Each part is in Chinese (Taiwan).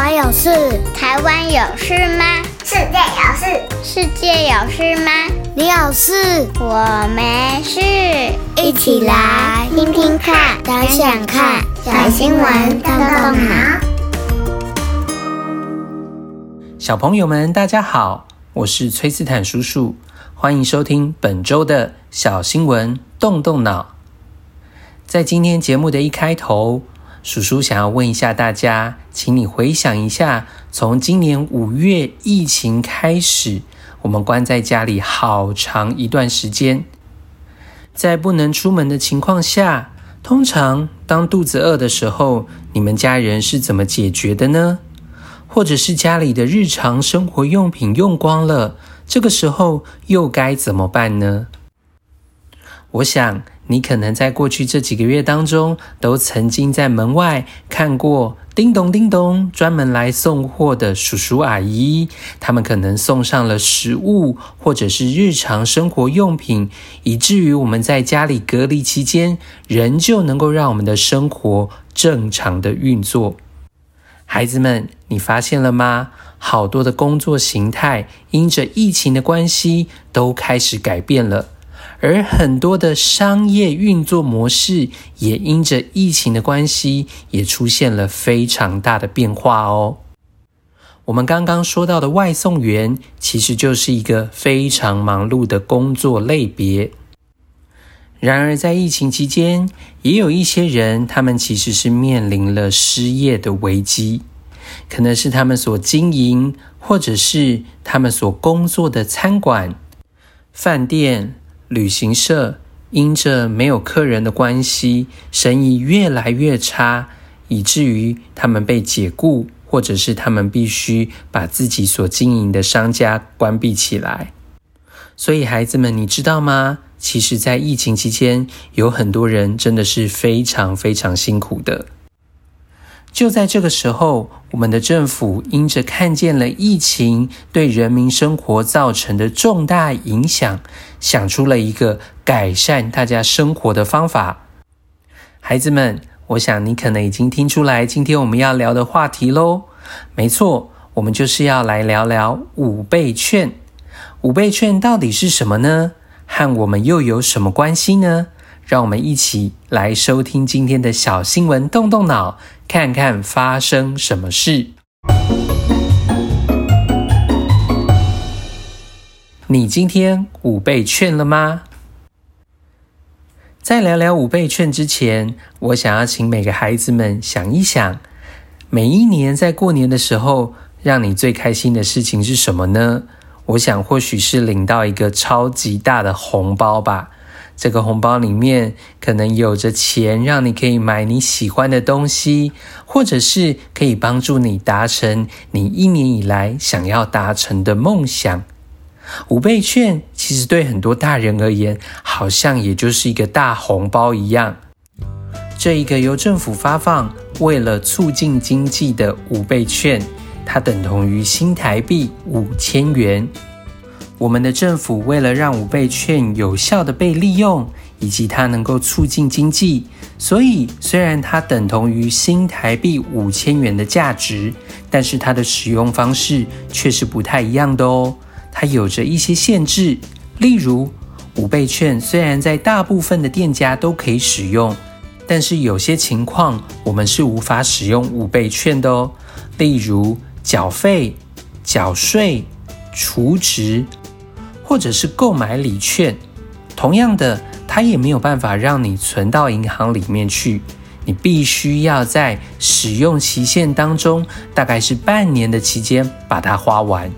我有事，台灣有事嗎？世界有事，世界有事嗎？你有事，我沒事。一起來聽聽看，想想看，小新聞動動腦。小朋友們，大家好，我是崔斯坦叔叔，歡迎收聽本周的小新聞動動腦。在今天節目的一開頭。叔叔想要問一下大家，請你回想一下，從今年五月疫情開始，我們關在家裡好長一段時間。在不能出門的情況下，通常當肚子餓的時候，你們家人是怎麼解決的呢？或者是家裡的日常生活用品用光了，這個時候又該怎麼辦呢？我想，你可能在過去這幾個月當中，都曾經在門外看過“叮咚叮咚”專門來送貨的叔叔阿姨，他們可能送上了食物或者是日常生活用品，以至於我們在家裡隔離期間，仍舊能夠讓我們的生活正常的運作。孩子們，你發現了嗎？好多的工作形態，因着疫情的關係，都開始改變了。而很多的商業運作模式也因着疫情的關係，也出現了非常大的變化哦。我們剛剛說到的外送員，其實就是一個非常忙碌的工作類別。然而，在疫情期間，也有一些人，他們其實是面臨了失業的危機，可能是他們所經營或者是他們所工作的餐館、飯店。旅行社因着沒有客人的關係，生意越來越差，以至於他們被解雇，或者是他們必須把自己所經營的商家關閉起來。所以，孩子們，你知道嗎？其實，在疫情期間，有很多人真的是非常非常辛苦的。就在這個時候，我們的政府因着看見了疫情對人民生活造成的重大影響，想出了一個改善大家生活的方法。孩子們，我想你可能已經聽出來，今天我們要聊的話題嘍。沒錯，我們就是要來聊聊五倍券。五倍券到底是什麼呢？和我們又有什麼關係呢？讓我們一起來收聽今天的小新聞，動動腦。看看發生什麼事？你今天五倍券了嗎？在聊聊五倍券之前，我想要請每個孩子們想一想，每一年在過年的時候，讓你最開心的事情是什麼呢？我想或許是領到一個超級大的紅包吧。這個紅包裡面可能有着錢，讓你可以買你喜歡的東西，或者是可以幫助你達成你一年以來想要達成的夢想。五倍券其實對很多大人而言，好像也就是一個大紅包一樣。這一個由政府發放，為了促進經濟的五倍券，它等同於新台幣五千元。我們的政府為了讓五倍券有效地被利用，以及它能夠促進經濟，所以雖然它等同於新台幣五千元的價值，但是它的使用方式卻是不太一樣的哦。它有着一些限制，例如五倍券雖然在大部分的店家都可以使用，但是有些情況我們是無法使用五倍券的哦。例如繳費、繳稅、儲值。或者是購買禮券，同樣的，它也沒有辦法讓你存到銀行裡面去，你必須要在使用期限當中，大概是半年的期間把它花完。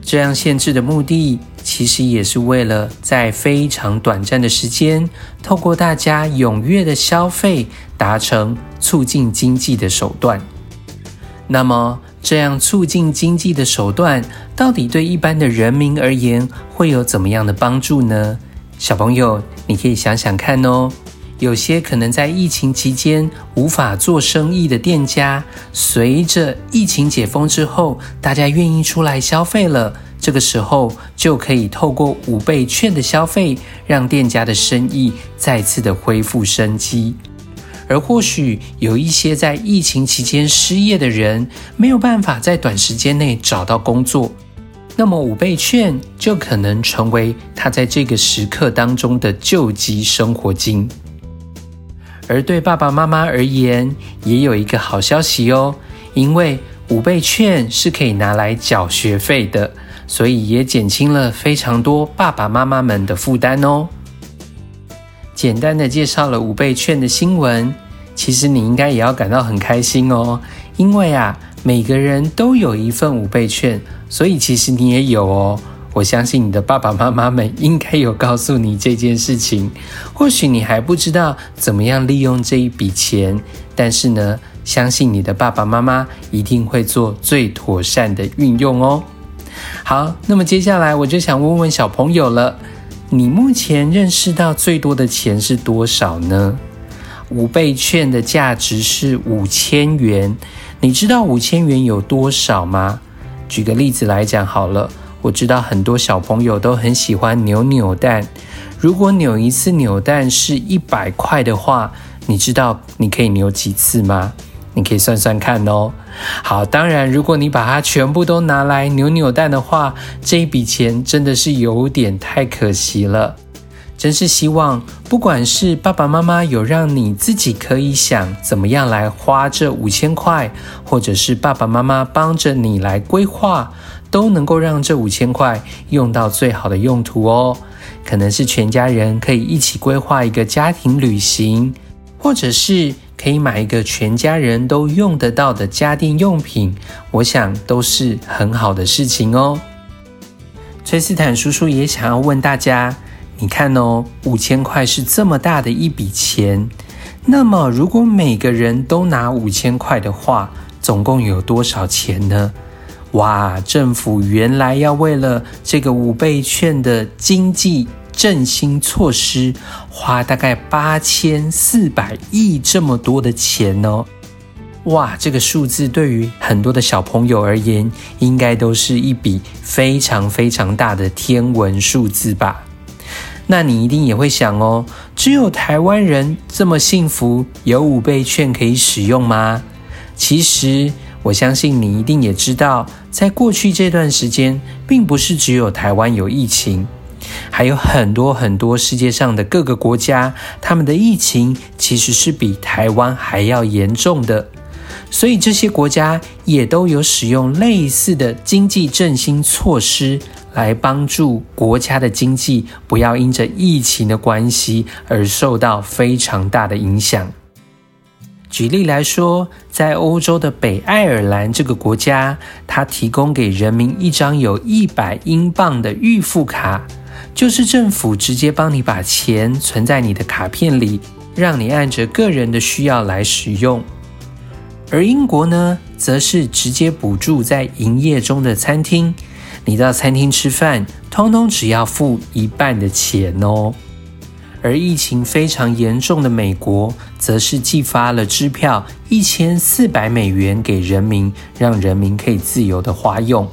這樣限制的目的，其實也是為了在非常短暫的時間，透過大家踴躍的消費，達成促進經濟的手段。那麼，這樣促進經濟的手段，到底對一般的人民而言會有怎麼樣的幫助呢？小朋友，你可以想想看哦。有些可能在疫情期間無法做生意的店家，隨着疫情解封之後，大家願意出來消費了，這個時候就可以透過五倍券的消費，讓店家的生意再次的恢復生機。而或許有一些在疫情期間失業的人沒有辦法在短時間內找到工作，那麼五倍券就可能成為他在這個時刻當中的救濟生活金。而對爸爸媽媽而言，也有一個好消息哦，因為五倍券是可以拿來繳學費的，所以也減輕了非常多爸爸媽媽們的負擔哦。簡單的介紹了五倍券的新聞，其實你應該也要感到很開心哦，因為啊，每個人都有一份五倍券，所以其實你也有哦。我相信你的爸爸媽媽們應該有告訴你這件事情，或許你還不知道怎麼樣利用這一筆錢，但是呢，相信你的爸爸媽媽一定會做最妥善的運用哦。好，那麼接下來我就想問問小朋友了。你目前認識到最多的錢是多少呢？五倍券的價值是五千元，你知道五千元有多少嗎？舉個例子來講好了，我知道很多小朋友都很喜歡扭扭蛋，如果扭一次扭蛋是一百塊的話，你知道你可以扭幾次嗎？你可以算算看哦。好，當然，如果你把它全部都拿來扭扭蛋的話，這一筆錢真的是有點太可惜了。真是希望，不管是爸爸媽媽有讓你自己可以想怎麼樣來花這五千塊，或者是爸爸媽媽幫着你來規劃，都能夠讓這五千塊用到最好的用途哦。可能是全家人可以一起規劃一個家庭旅行，或者是，可以買一個全家人都用得到的家電用品，我想都是很好的事情哦。崔斯坦叔叔也想要問大家：你看哦，五千塊是這麼大的一筆錢，那麼如果每個人都拿五千塊的話，總共有多少錢呢？哇，政府原來要為了這個五倍券的經濟。振興措施花大概八千四百億這麼多的錢哦。哇，這個數字對於很多的小朋友而言，應該都是一筆非常非常大的天文數字吧？那你一定也會想哦，只有台灣人這麼幸福，有五倍券可以使用嗎？其實，我相信你一定也知道，在過去這段時間，並不是只有台灣有疫情。還有很多很多世界上的各個國家，他們的疫情其實是比台灣還要嚴重的，所以這些國家也都有使用類似的經濟振興措施，來幫助國家的經濟不要因着疫情的關係而受到非常大的影響。舉例來說，在歐洲的北愛爾蘭這個國家，它提供給人民一張有一百英鎊的預付卡。就是政府直接幫你把錢存在你的卡片裡，讓你按着個人的需要來使用；而英國呢，則是直接補助在營業中的餐廳，你到餐廳吃飯，通通只要付一半的錢哦。而疫情非常嚴重的美國，則是寄發了支票一千四百美元給人民，讓人民可以自由地花用。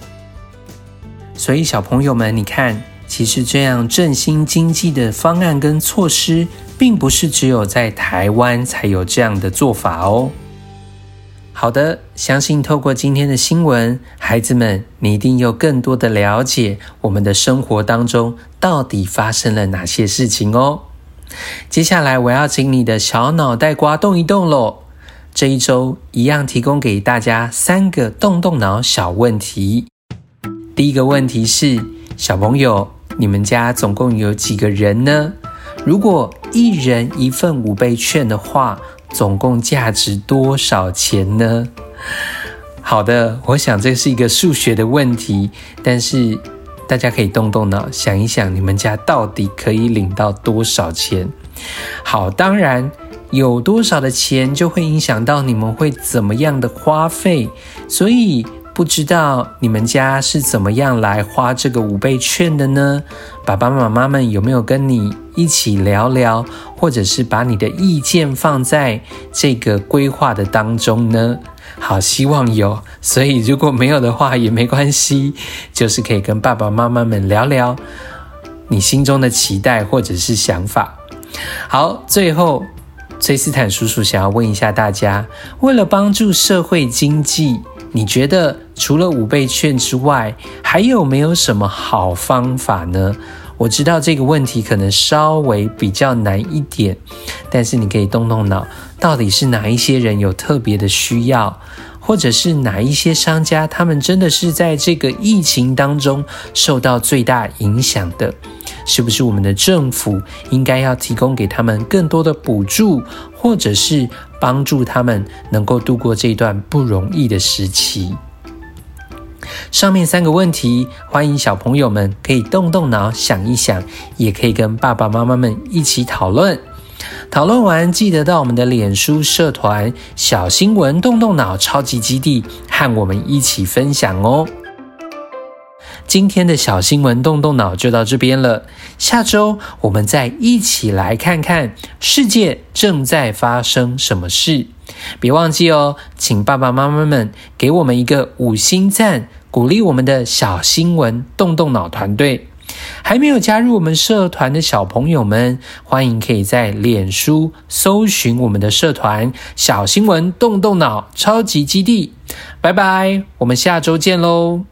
所以，小朋友們，你看。其實這樣振興經濟的方案跟措施，並不是只有在台灣才有這樣的做法哦。好的，相信透過今天的新聞，孩子們，你一定有更多的了解我們的生活當中到底發生了哪些事情哦。接下來我要請你的小腦袋瓜動一動嘍。這一周一樣提供給大家三個動動腦小問題。第一個問題是，小朋友，你們家總共有幾個人呢？如果一人一份五倍券的話，總共價值多少錢呢？好的，我想這是一個數學的問題，但是大家可以動動腦，想一想你們家到底可以領到多少錢。好，當然有多少的錢就會影響到你們會怎麼樣的花費，所以。不知道你們家是怎麼樣來花這個五倍券的呢？爸爸媽媽們有沒有跟你一起聊聊，或者是把你的意見放在這個規劃的當中呢？好，希望有。所以如果沒有的話，也沒關係，就是可以跟爸爸媽媽們聊聊你心中的期待或者是想法。好，最後，崔斯坦叔叔想要問一下大家，為了幫助社會經濟，你覺得……除了五倍券之外，還有沒有什麼好方法呢？我知道這個問題可能稍微比較難一點，但是你可以動動腦，到底是哪一些人有特別的需要，或者是哪一些商家，他們真的是在這個疫情當中受到最大影響的，是不是？我們的政府應該要提供給他們更多的補助，或者是幫助他們能夠度過這段不容易的時期。上面三個問題，歡迎小朋友們可以動動腦想一想，也可以跟爸爸媽媽們一起討論。討論完記得到我們的臉書社團“小新聞動動腦超級基地”和我們一起分享哦。今天的小新聞動動腦就到這邊了，下周我們再一起來看看世界正在發生什麼事。別忘記哦，請爸爸媽媽們給我們一個五星讚。鼓勵我們的小新聞動動腦團隊，還沒有加入我們社團的小朋友們，歡迎可以在臉書搜尋我們的社團“小新聞動動腦超級基地”。拜拜，我們下周見嘍。